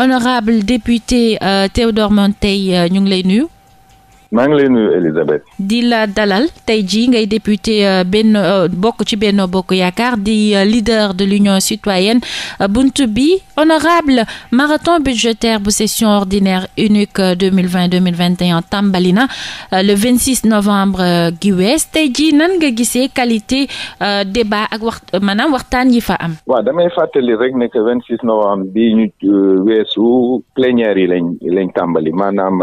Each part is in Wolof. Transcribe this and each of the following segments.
honorable député euh, Théodore Montey euh, ñu ngi lay nuyu. maa ngi lay di la dalal tey jii ngay député euh, benn euh, bokk ci Benno Bokk Yaakaar di euh, leader de l'Union citoyenne buntu bi honorable marathon budgétaire bu session ordinaire unique 2020 2021 tàmbali na le 26 novembre gi wees tey jii nan nga gisee qualité débat ak wax maanaam waxtaan yi fa am. waaw damay fàttali rek ne que 26 novembre bi ñu weesu plénière yi lañ lañ tàmbali maanaam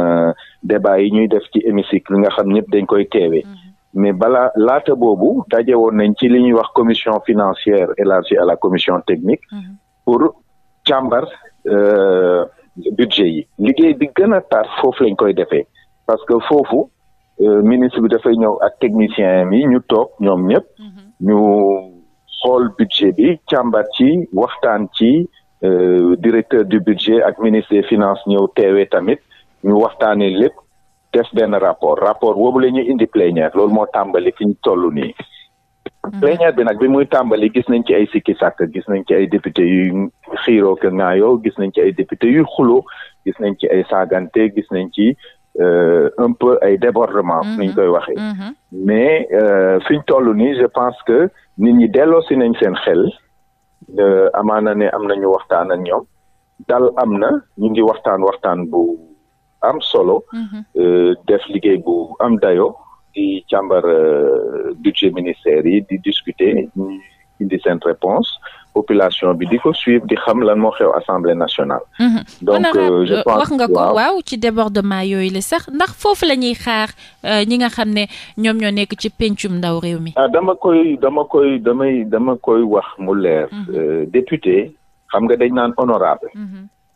débat yi ñuy def. ci hémicycle nga xam ñëpp dañ koy teewee mm-hmm. mais bala laata boobu daje woon nañ ci li ñuy wax commission financière élargie à la commission technique mm-hmm. pour càmbar euh, budget yi liggéey bi gën a tar foofu lañ koy defee parce que foofu euh, ministre bi dafay ñëw ak technicien yi ñu toog ñoom ñëpp mm-hmm. ñu xool budget bi càmbar ci waxtaan ci euh, directeur du budget ak ministre finance ñëw teewee tamit ñu waxtaanee lépp def benn rapport rapport boobu la ñuy indi plénière loolu moo tàmbali fi ñu toll nii. Mm-hmm. plénière bi nag bi muy tàmbali gis nañ ci ay sikki sàkk gis nañ ci ay député yu xiiroo ke ŋaayoo gis nañ ci ay député yu xuloo gis nañ ci ay saagante gis nañ ci euh, un peu ay débordement mm-hmm. ni koy waxee mm-hmm. mais euh, fi ñu toll nii je pense que nit ñi delloo si nañ seen xel euh, amaana ne am nañu waxtaan ak ñoom dal am na ñu ngi waxtaan waxtaan am solo. Mhm. Euh, def liggéey bu am dayo di càmbar euh, budget ministère yi di discuter ñu indi seen réponse population bi di ko suivre di xam lan moo xew assemblée nationale. Mhm. donc euh, je pense wax nga ko waaw ci débordement yooyu la sax ndax foofu lañuy ñuy xaar ñi nga xam ne ñoom ñoo nekk ci pencum ndaw réew mi. a ah, dama koy dama koy damay dama koy wax mu leer. Mhm. député xam nga dañ naan honorable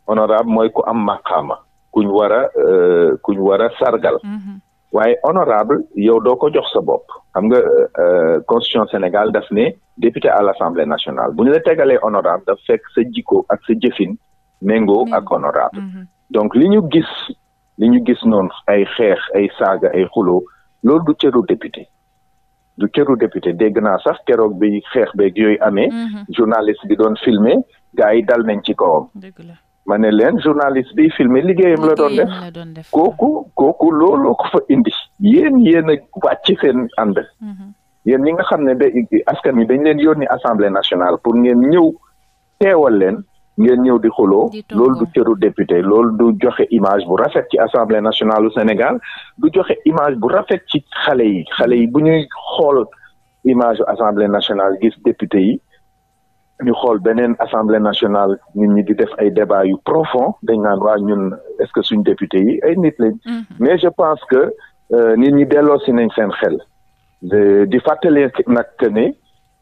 honorable mooy ku am maqaama. kuñ war a euh, kuñ war a sargal mhm. waaye honorable yow doo ko jox sa bopp xam nga euh, constitution Sénégal daf ne député à l'Assemblée nationale bu ñu la tegalee honorable daf fekk sa jikko ak sa jëfin méngoo ak honorable mhm. donc li ñu gis li ñu gis noonu ay xeex ay saaga ay xuloo loolu du cëru député du cëru député dégg naa sax keroog bi xeex beeg yooyu amee mhm. journaliste bi doon filmer gars yi dal nañ ci kawam ma ne leen journaliste bi filme liggéeyam la doon def kooku kooku looloo ko fa indi yéen yéen a wàcc seen ànd mhm. yéen ñi nga xam ne da wi dañ leen yónni assemblée nationale pour ngeen ñëw teewal leen ngeen ñëw di xuloo loolu du cëru député loolu du joxe image bu rafet ci assemblée nationale du Sénégal du joxe image bu rafet ci xale yi xale yi bu ñuy xool image assemblée nationale gis député yi ñu xool beneen assemblée nationale nit ñi di def ay débat yu profond dañ naan waa ñun est-ce que suñ député yi ay nit lañ. Mm-hmm. mais je pense que euh, nit ñi delloo si nañ seen xel. di fàttali nag ne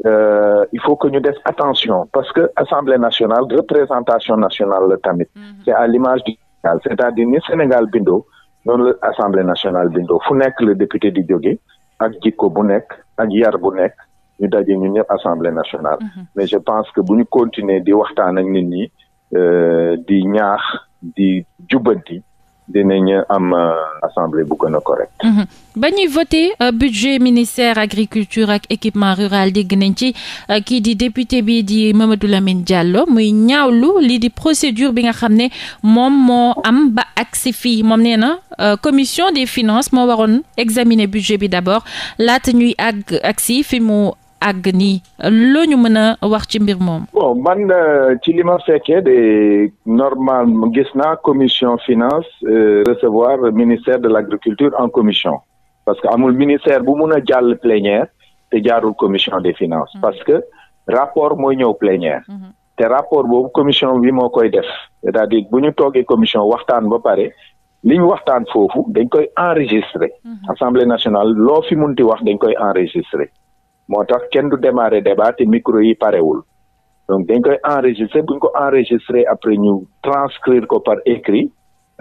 euh, il faut que ñu def attention parce que assemblée nationale représentation nationale la tamit. Mm-hmm. c'est à Sénégal c'est-à-dire ni Sénégal bindoo noonu la assemblée nationale bindoo fu nekk le député di jóge ak jikko bu nekk ak yar bu nekk. ñu daje ñun ñëpp assemblée nationale. Mhm. mais je pense que bu ñu continuer di waxtaan ak nit ñi euh, di ñaax di jubbanti. dinañ am euh, assemblée bu gën a correct. Mhm. ba ñuy voté euh, budget ministère agriculture ak équipement rural dégg nañ ci kii di député bi di Mamadou Lamine Diallo muy ñaawlu lii di procédure bi nga xam ne moom moo am ba agsi fii moom ne na commission des finances moo waron examiner budget bi d'abord laata ñuy àgg agsi fi mu àgg nii loo ñu mën a wax ci mbir moom. bon man euh, ci li ma fekkee de normal gis naa commission finance euh, recevoir ministère de l'agriculture en commission parce que amul ministère bu mun a jàll plénière te jaarul commission des finance mm-hmm. parce que rapport mooy ñëw plénière. Mm-hmm. te rapport boobu commission bi moo koy def c'est-à-dire bu ñu toogee commission waxtaan ba pare. li ñu waxtaan foofu dañ koy enregistrer. Mm-hmm. Assemblée nationale loo fi munti wax dañ koy enregistrer moo tax kenn du démarrer débat te micro yi parewul donc dañ koy enregistrer bu ñu ko enregistrer après ñu transcrire ko par écrit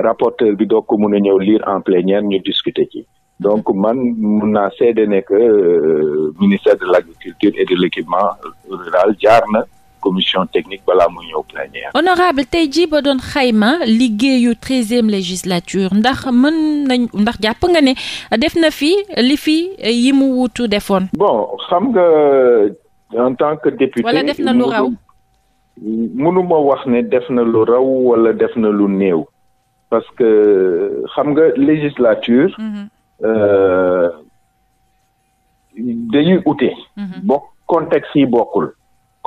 rapporteur bi doog ko mun a ñëw lire en plénière ñu discuter ci donc man mun naa seede ne que euh, ministère de l'agriculture et de l'équipement rural jaar na commission technique balaa muy ñëw plénière. honorable tey jii ba doon xayma liggéeyu treizième législature ndax mën nañ ndax jàpp nga ne def na fi li fi yi mu wuutu defoon. bon xam nga en tant que député. wala def na lu raw mënuma wax ne def na lu raw wala def na lu néew. parce que xam nga législature. Mhm. Euh, dañuy ute. Mhm. bokk contexte yi bokkul.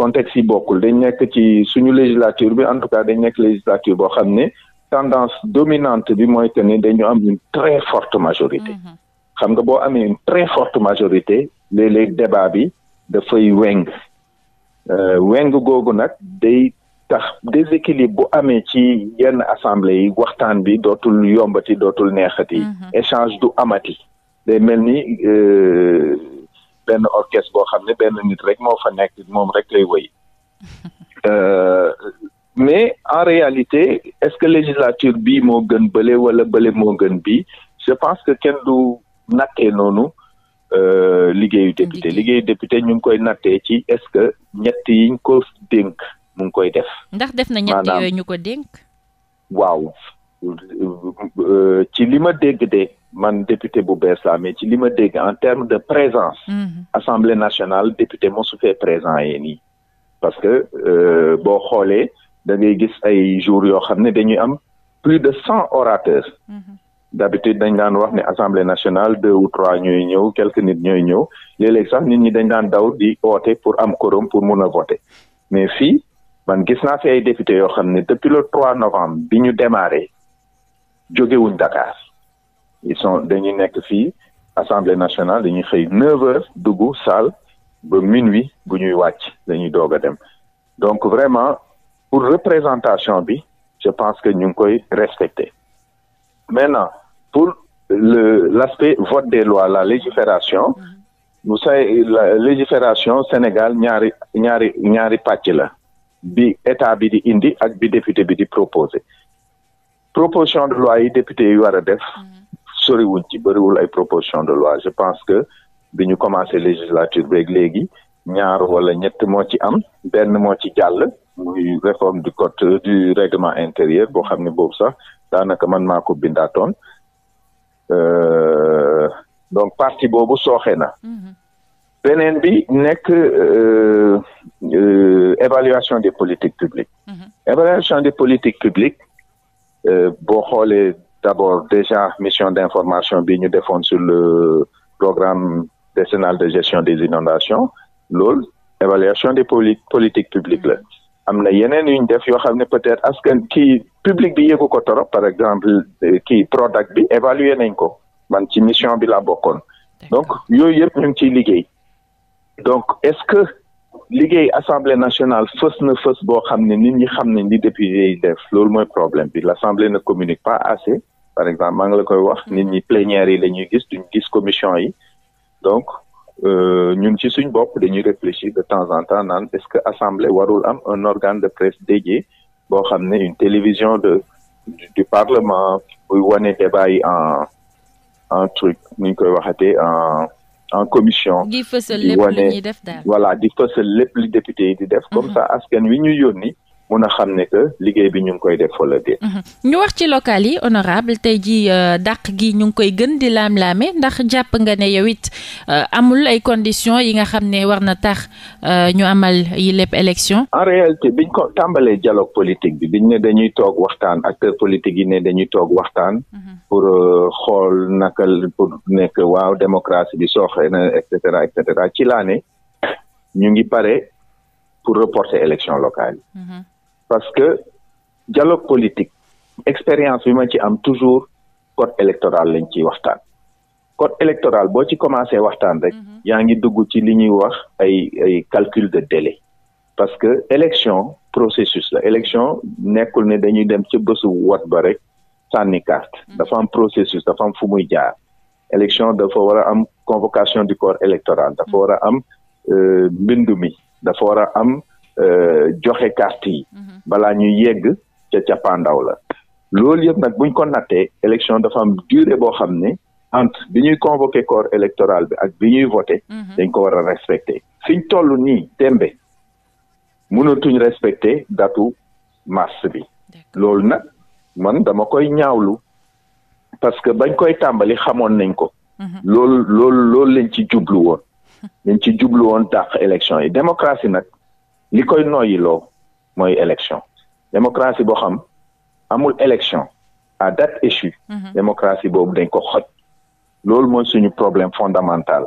contexte yi bokkul dañ nekk ci suñu législature bi en tout cas dañ nekk législature boo xam ne tendance dominante bi mooy que ne dañu am une très forte majorité mm-hmm. xam nga boo amee une très forte majorité léeg-léeg débat bi dafay weng euh, weng googu nag day tax déséquilibre bu amee ci yenn assemblée yi waxtaan bi dootul yombati dootul neexati mm-hmm. échange du amati day mel ni euh, benn orchestre boo xam ne benn nit rek moo fa nekk moom rek lay woy euh, mais en réalité est-ce que législature bi moo gën bële wala bële moo gën bi je pense que kenn du nattee noonu euh, liggéeyu député liggéeyu député ñu ngi koy nattee ci est-ce que ñett yiñ ko dénk mu ngi koy def. ndax def na ñett yooyu ñu ko dénk. waaw euh, ci li ma dégg de. man député bu bees laa mais ci li ma dégg en terme de présence. Mhm. assemblée nationale député mosu fee présent yee nii. parce que euh, boo xoolee da gis ay jours yoo xam ne dañuy am plus de cent orateurs. Mhm. d'habitude dañ daan wax ne assemblée nationale deux ou trois ñooy ñëw quelques nit ñooy ñëw léeg sax nit ñi dañ daan daw di woote pour am quorum pour mun a voter mais fii man gis naa fi ay député yoo xam ne depuis le 3 novembre bi ñu démarré jógewuñ Dakar. ils sont dañuy nekk fii assemblée nationale dañuy xëy 9 heures dugg salle ba minuit bu ñuy wàcc dañuy doog a dem donc vraiment pour représentation bi je pense que ñu ngi koy respecter maintenant pour le l'aspect vote des lois la légifération vous savez la légifération Sénégal ñaari ñaari ñaari pàcc la bi état bi di indi ak bi député bi di proposé proposition de loi yi député yi war a def mm. soriwuñ ci bëriwul ay proposition de loi je pense que bi ñu commencé législature beeg léegi ñaar wala ñett moo ci am benn moo ci jàll muy réforme du code du règlement intérieur boo xam ne boobu sax daanaka man maa ko bindaatoon euh, donc parti boobu sooxe na mhm. beneen bi nekk euh, euh, évaluation des politiques publiques mhm. évaluation des politiques publiques boo xoolee d'abord déjà mission d'information bi ñu defoon sur le programme décennal de gestion des inondations loolu évaluation des poli politiques publiques la am na yeneen yu ñu def yoo xam ne peut-être askan kii public bi yëgu ko torop par exemple kii Prodac bi évaluer nañ ko man ci mission bi la bokkoon donc yooyu yëpp ñu ngi ciy liggéey donc est-ce que liggéey assemblée nationale fës na fës boo xam ne nit ñu xam nañ li député yi def loolu mooy problème bi l'assemblée ne communique pas par exemple maa ngi la koy wax mm-hmm. nit ñi plénière yi la gis duñ gis commission yi donc euh, ñun ci suñ bopp dañuy réfléchir de temps en temps naan est-ce que assemblée warul am un organe de presse dédié boo xam ne une télévision de du parlement buy wane débat yi en en truc nu ñu koy waxatee en en commission. di fësal lépp di fësal lépp li député yi di def. comme mm-hmm. ça askan wi ñuy yónni. mun a xam ne liggéey bi ñu ngi koy def wala déet. Mhm. ñu wax ci local yi honorable tey jii euh, dàq gi ñu ngi koy gën di laam-laame ndax jàpp nga ne yow it euh, amul ay conditions yi nga xam ne war na tax euh, ñu amal yi lépp élection. en réalité biñ ko tàmbalee dialogue politique bi ne dañuy toog waxtaan acteurs politiques yi ne dañuy toog waxtaan. Mhm. pour xool naka pour nekk waaw démocratie bi sooxee na et cetera ci laa ne ñu ngi pare pour reporter élection locale yi. Mhm. parce que dialogue politique expérience bi ma ci am toujours code électoral lañ ciy waxtaan code électoral boo ci commencé waxtaan rek mhm. yaa ngi dugg ci li ñuy wax ay ay calcul de délai parce que élection processus la élection nekkul ne dañuy dem ci bésu wat ba rek sànni carte mhm. dafa am processus dafa am fu muy jaar élection dafa war a am convocation du corps électoral dafa mhm. war a am euh, mbindu mi dafa war am Euh, joxe carte yi mhm. balaa ñuy yegg ca cappaandaw la loolu yëpp nag buñ ko nattee élection dafa am durée boo xam ne entre bi ñuy convoqué corps électoral bi ak bi ñuy voté mhm. dañ ko war a fiñ toll nii tembe mënatuñ respecté datu mars bi loolu nag man dama koy ñaawlu parce que bañ koy tàmbali xamoon nañ ko mhm. loolu loolu loolu lañ ci jublu woon lañ ci jublu woon dàq élection yi démocratie nag li koy noyyiloo mooy élection démocratie boo xam amul élection à date échue mhm. démocratie boobu dañ ko xoj loolu mooy suñu problème fondamental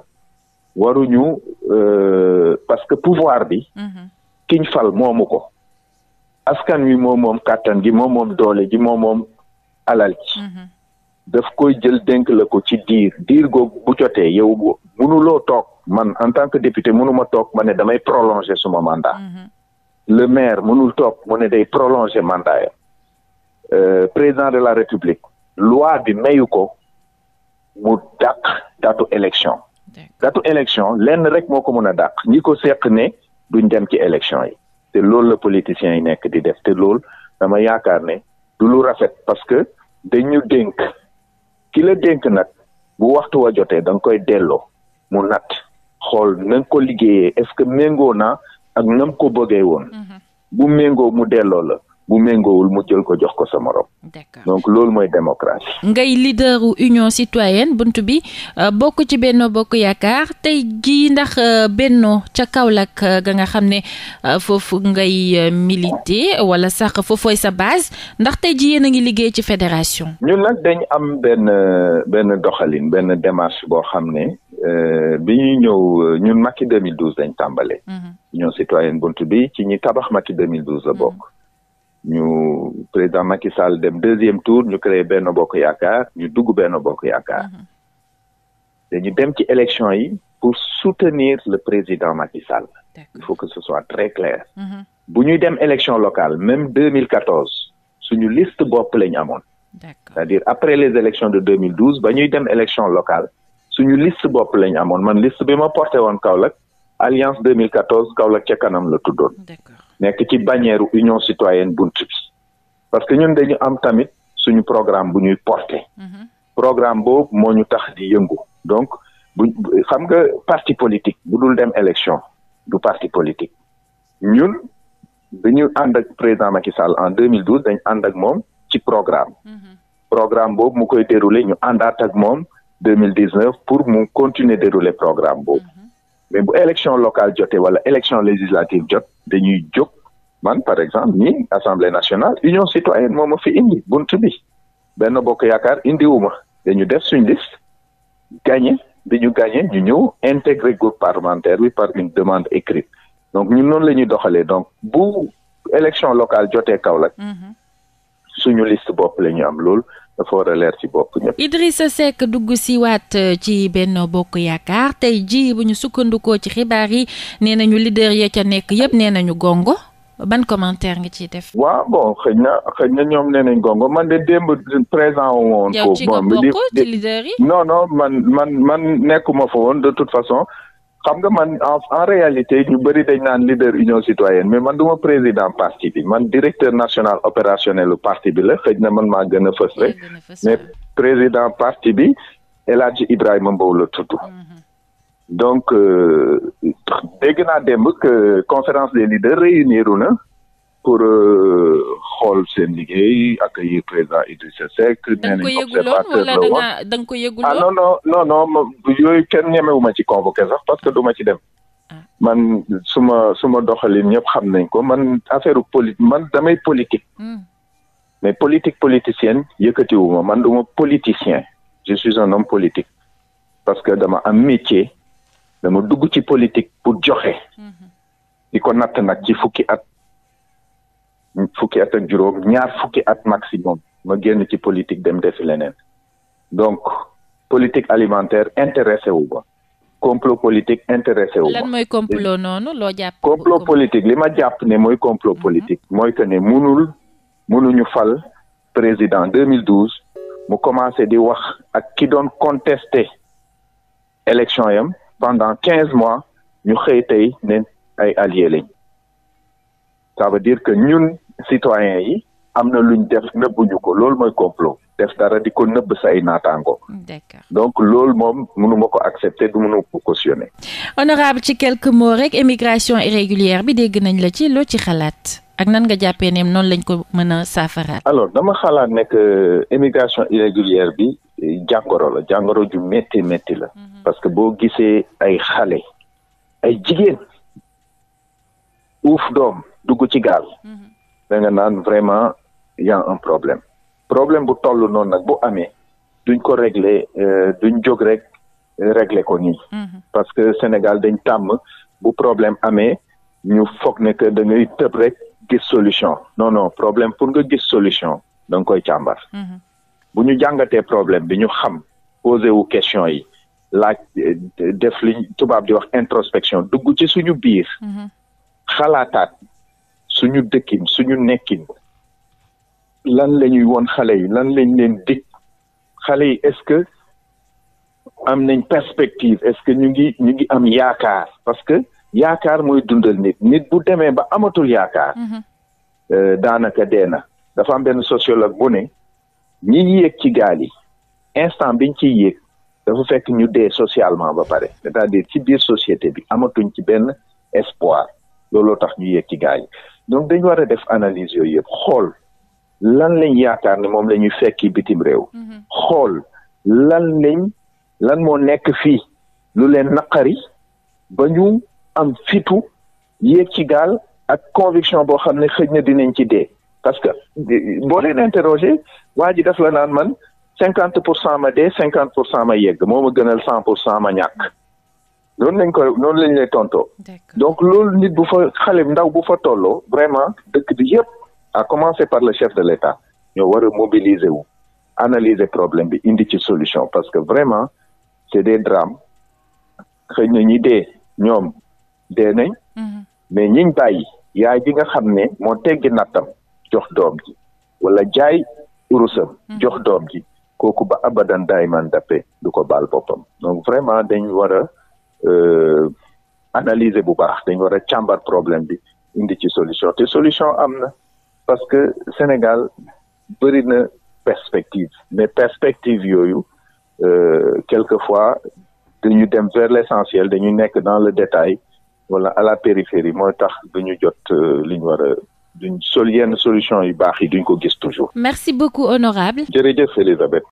waruñu euh, parce que pouvoir bi mhm. kiñ fal moomu ko askan wi moom moom kàttan gi moom moom doole gi moom moom alal ji daf koy jël dénk la ko ci diir diir googu bu jotee yow mënuloo toog man en tant que député mënuma toog ma ne damay prolonger suma mandat mhm. le maire mënul toog mu ne day prolonger mandat ya euh, président de la république loi bi mayu ko mu dàq datu élection datu élection lenn rek moo ko mën a dàq ñi ko seq ne duñ dem ci élection yi te loolu la politiciens yi nekk di def te lool dama yaakaar ne du lu rafet parce que dañu dénk ki la dénk nag bu waxtu wa jotee da nga koy delloo mu nat xool na ko liggéeyee est-ce que méngoo na ak nam ko bëggee woon. Mm-hmm. bu méngoo mu delloo la bu méngoowul mu jël ko jox ko sa morom. d'accord donc loolu mooy démocratie. ngay leaderu union citoyenne bunt bi euh, bokk ci Benno Bokk Yaakaar tey jii ndax euh, Benno ca Kaolack euh, ga nga xam ne foofu ngay militer wala sax foofooy sa base ndax tey jii yéen a ngi liggéey ci fédération. ñun nag dañ am benn benn doxalin benn démarche boo xam ne. bi ñuy ñëw ñun Macky 2012 dañ tàmbale. union citoyenne bunt bi ci ñi tabax Macky 2012 la bokk. Mhm. ñu président Macky Sall dem deuxième tour ñu créé benn bokk yaakaar ñu dugg benn bokk yaakaar mm-hmm. dañu dem ci élection yi pour soutenir le président Macky Sall il faut que ce soit très clair mm-hmm. bu ñuy dem élection locale même 2014 suñu liste bopp lañu amoon c'est-à-dire après les élections de 2012 ba ñuy dem élection locale suñu liste bopp lañu amoon man liste bi ma porté woon Kaolack alliance 2014 Kaolack ca kanam la tuddoon nekk ci bannière union citoyenne bunt bi parce que ñun dañu am tamit suñu programme bu ñuy porter mhm. programme boobu moo ñu tax di yëngu donc bu xam nga parti politique bu dul dem élection du parti politique ñun dañu ànd ak président Macky Sall en 2012 dañu ànd ak moom ci programme mhm. programme boobu mu koy dérouler ñu àndaat ak moom 2019 pour mu continuer dérouler programme boobu mais bu élection locale jotee wala élection législative jot dañuy jóg man par exemple ñi assemblée nationale union citoyenne moom ma fi indi bunt bi benn bokk yaakaar indiwuma dañu def suñ liste gagné bi ñu gagné ñu ñëw intégré groupe parlementaire bi par une demande écrite donc ñun noonu la ñuy doxalee donc bu élection locale jotee Kaolack mhm. suñu liste bopp la ñu am loolu dafa war a leer ci bopp ñëpp. Idrissa Seck dugg siwaat euh, ci benn Bokk Yaakaar tey jii bu ñu sukkandikoo ci xibaar yi nee nañu lider ya ca nekk yëpp nee nañu gongo ban commentaire ngi ciy def. waaw bon xëy na xëy na ñoom nee nañ gongo man de démb présent woon. yow ci nga bokk ci leader yi non non man man man nekkuma fa woon de toute façon. xam nga man en réalité ñu bëri dañ naan leader union citoyenne mais man du ma président parti bi man directeur national opérationnel lu parti bi la xëj na man maa gën a fës rek mais président parti bi El Hadji Ibrahima Mbow la tudd mhm. donc euh, dégg na démb que conférence des leaders réuniru na pour xool e, seen liggéey accueillir président Idrissa Seck. nee nañ observateur la woon da nga ko yëguloon ah non non non non yooyu kenn ñemewu ma ci convoqué sax parce que du ma ci dem. man suma suma doxalin ñëpp xam nañ ko man affaire poli man damay politique. mais politique politicienne yëkkatiwuma man duma politicien je suis un homme politique. parce que dama am métier dama dugg ci politique pour joxe. Hmm. di ko natt nag ci fukki at. fukki at ak juróom ñaar fukki at maximum ma génn ci politique dem defi leneen donc politique alimentaire intéressé wu ba complot politique intéressé wu ma. lan mooy complot noonu loo jàpp. complot politique li ma jàpp ne mooy complot mhm. politique. mooy que ne munul ñu fal président 2012 mu commencé di wax ak ki doon contesté élection yam pendant quinze mois ñu xëy tey ne ay alliés lañ ça veut dire que ñun citoyen yi am na luñ def nëbbuñu ko loolu mooy complot def dara di ko nëbb say naataango. d'accord donc loolu moom mënuma ko accepter du mënu ko cautionner. honorable ci quelques mots rek immigration irrégulière bi dégg nañ la ci loo ci xalaat ak nan nga jàppee ne noonu lañ ko mën a saafaraat. alors dama xalaat ne que immigration euh, irrégulière bi euh, jàngoro la jàngoro ju métti métti la. Mhm. parce que boo gisee ay xale ay jigéen uuf doom dugg ci gaal. Mhm. da naan vraiment y a un problème problème bu toll noonu nag bu amee duñ ko régler euh, duñ jóg rek euh, régler ko nii. Mhm. parce que Sénégal dañ tàmm bu problème amee ñu foog ne que da ngay tëb rek gis solution non problème pour nga gis solution da koy càmbar. Mhm. bu ñu jàngatee problème bi ñu xam posé wu question yi laaj euh, def li tubaab di wax introspection dugg ci suñu biir. Mhm. xalaataat suñu dëkkin suñu nekkin lan la ñuy woon xale yi lan lañ leen dig xale yi est-ce que am nañ perspective est-ce que ñu ngi ñu ngi am yaakaar parce que yaakaar mooy dundal nit nit bu demee ba amatul yaakaar mhm. euh, daanaka dee na dafa am benn sociologue bu ne ñi yéeg ci gaal yi instant biñ ciy yéeg dafa fekk ñu dee socialement ba pare cest ci biir société bi amatuñ ci benn espoir looloo tax ñu yéeg ci gaal yi donc dañu war a def analyse yooyu yëpp xool lan lañ yaakaar ne moom lañuy fekki bitim réew. Mhm. xool lan lañ lan moo nekk fii lu leen naqari ba ñu am fitu yéeg ci gaal ak conviction boo xam ne xëj na dinañ ci dee. parce que boo leen interroger waa ji daf la naan man cinquante pour cent ma dee cinquante pour cent ma yegg moo ma gënal cent pour cent ma ñàkk. loolu lañ koy noonu lañu ne tontoo donc loolu nit bu fa xale ndaw bu fa tolloo vraiment dëkk bi yëpp a commencer par le chef de l'État ñoo war a mobiliser wu analyser problème bi indi ci solution parce que vraiment c'est des drames xëy na ñi dee ñoom dee nañ mm-hmm. mais ñiñ bàyyi yaay bi nga xam ne moo teggi nattam jox doom ji wala jaay urusam mm-hmm. jox doom ji kooku ba abadan daay man dappe du ko baal boppam donc vraiment dañ war Euh, analyser bu baax dañu war a càmbar problème bi indi ci solution te solution am na parce que Sénégal bëri na perspective mais perspective yooyu euh, quelquefois dañu dem vers l'essentiel dañu nekk dans le détail wala à la périphérie mooy tax duñu jot euh, li ñu war a duñ sol yenn solution yu baax yi duñ ko gis toujours merci beaucoup honorable jërëjëf